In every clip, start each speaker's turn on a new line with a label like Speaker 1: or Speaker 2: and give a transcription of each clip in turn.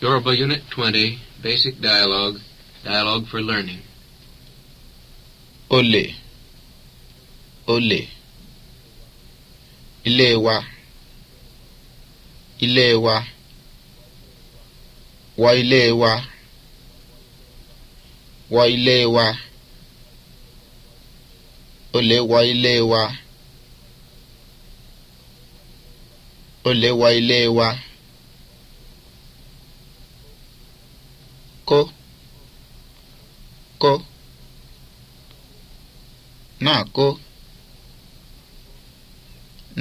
Speaker 1: Yoruba Unit 20, Basic Dialogue, Dialogue for Learning. Olè. Olè. Ilewa. wa. Ilé wa. Wọ ilé wa. ilewa. wa. Olè Olè wa. kọ́ kọ́ náà kọ́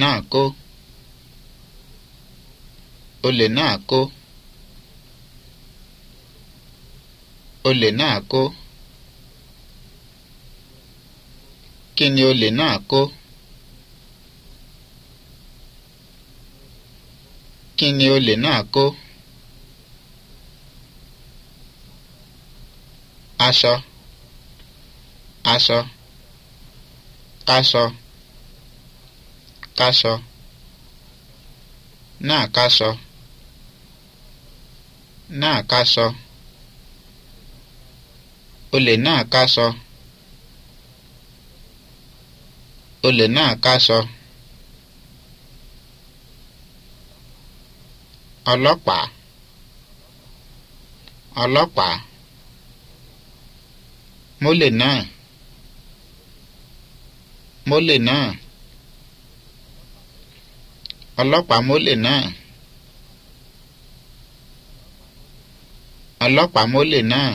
Speaker 1: náà kọ́ olè náà kọ́ olè náà kọ́ kí ni olè náà kọ́ kí ni olè náà kọ́. Asọ Asọ Kasọ Kasọ na-akashọ na-akashọ ole na-akashọ ole na-akashọ ọlọ́pàá mólè náà mólè náà ọlọ́pàá mólè náà ọlọ́pàá mólè náà.